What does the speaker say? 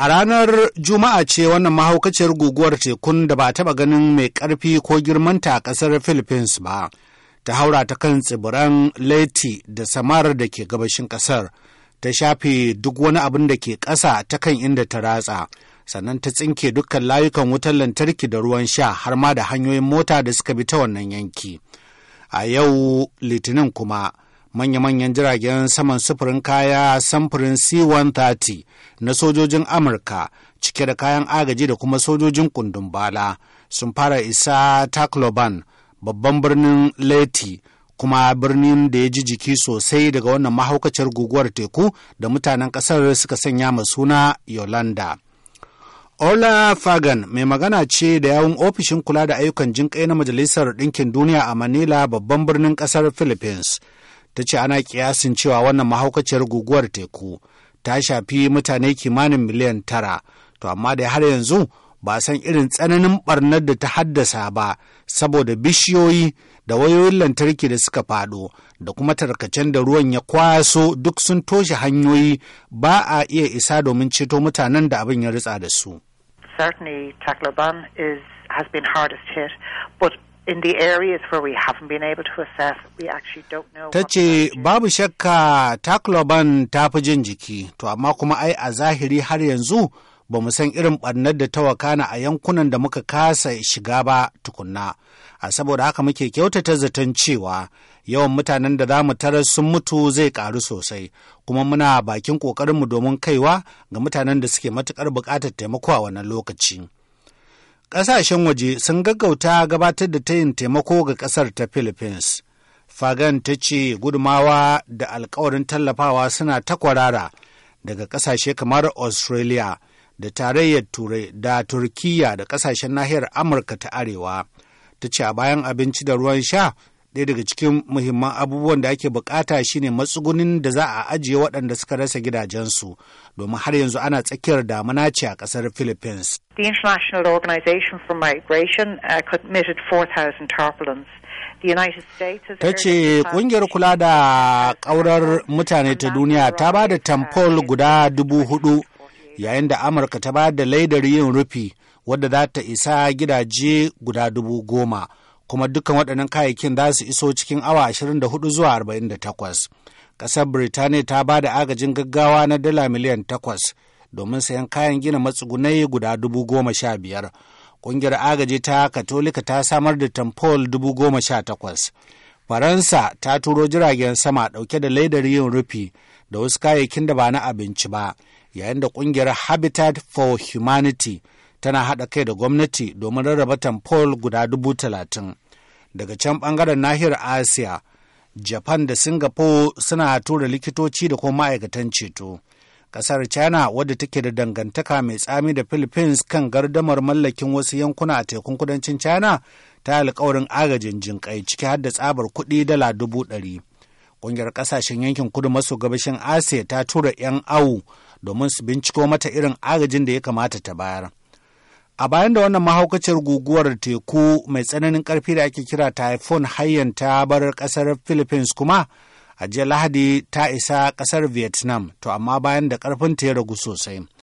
A ranar Juma'a ce wannan mahaukaciyar guguwar tekun da ba taɓa ganin mai ƙarfi ko girmanta a ƙasar Philippines ba, ta haura ta kan tsibiran Leyte da Samar da ke gabashin ƙasar, ta shafe duk wani abin da ke ƙasa ta kan inda ta ratsa, sannan ta tsinke dukkan layukan wutar lantarki da ruwan sha har ma da hanyoyin mota da suka bi ta wannan yanki. A yau Litinin kuma. manya-manyan jiragen saman sufurin kaya samfurin C-130 na sojojin Amurka cike da kayan agaji da kuma sojojin kundin bala sun fara isa Tacloban babban birnin Leti kuma birnin da ya ji jiki sosai daga wannan mahaukaciyar guguwar teku da mutanen ƙasar suka sanya ma suna Yolanda. Ola Fagan mai magana ce da yawun ofishin kula da ayyukan jinƙai na Majalisar Ɗinkin Duniya a Manila babban birnin ƙasar Philippines. ta ce ana kiyasin cewa wannan mahaukaciyar guguwar teku ta shafi mutane kimanin miliyan tara to amma da har yanzu ba san irin tsananin barnar da ta haddasa ba saboda bishiyoyi da wayoyin lantarki da suka fado da kuma tarkacen da ruwan ya kwaso duk sun toshe hanyoyi ba a iya isa domin ceto mutanen da abin ya ritsa da su. Certainly, Tacloban is has been Ta ce babu shakka takloban ta fi jin jiki, to amma kuma ai a zahiri har yanzu ba mu san irin ɓarnar da ta wakana a yankunan da muka kasa shiga ba tukunna. A saboda haka muke kyautata zaton cewa yawan mutanen da za mu tarar sun mutu zai ƙaru sosai, kuma muna bakin ƙoƙarinmu domin kaiwa ga mutanen da suke matuƙar buƙatar taimako a wannan lokaci. Ƙasashen waje sun gaggauta gabatar da tayin taimako ga ƙasar ta Philippines. Fagan ta ce gudumawa da alkawarin tallafawa suna ta kwarara daga ƙasashe kamar Australia da tarayyar Turai da Turkiyya da ƙasashen nahiyar Amurka ta Arewa. Ta ce a bayan abinci da ruwan sha ɗaya daga cikin muhimman abubuwan da ake bukata shine matsugunin da za a ajiye waɗanda suka rasa gidajensu domin har yanzu ana tsakiyar damuna ce a ƙasar philippines the international organization for migration uh, committed 4000 tarpaulins ta ce ƙungiyar kula da ƙaurar mutane ta duniya ta ba da tamfol guda dubu hudu yayin da amurka ta ba da laidar yin rufi wadda za ta isa gidaje guda dubu goma kuma dukkan waɗannan kayayyakin za su iso cikin awa 24 zuwa 48. Ƙasar Birtaniya ta ba da agajin gaggawa na dala miliyan 8 domin sayan kayan gina matsugunai guda dubu goma sha biyar. Ƙungiyar agaji ta Katolika ta samar da tamfol dubu goma sha takwas. Faransa ta turo jiragen sama ɗauke da laidar yin rufi da wasu kayayyakin da ba na abinci ba, yayin da ƙungiyar Habitat for Humanity tana haɗa kai da gwamnati domin rarraba tamfol guda dubu talatin. Daga can ɓangaren nahiyar Asiya, Japan da Singapore suna tura likitoci da kuma ma'aikatan ceto. Ƙasar China wadda take da dangantaka mai tsami da Philippines kan gardamar mallakin wasu yankuna a tekun kudancin China ta alkawarin agajin jinƙai ciki har da tsabar kuɗi dala dubu ɗari. Ƙungiyar ƙasashen yankin kudu maso gabashin Asiya ta tura 'yan awu domin su binciko mata irin agajin da ya kamata ta bayar. A bayan da wannan mahaukaciyar guguwar teku mai tsananin ƙarfi da ake kira typhoon hayyan ta bar ƙasar Philippines kuma a jiya Lahadi ta isa ƙasar Vietnam, to amma bayan da ƙarfin ta ya ragu sosai.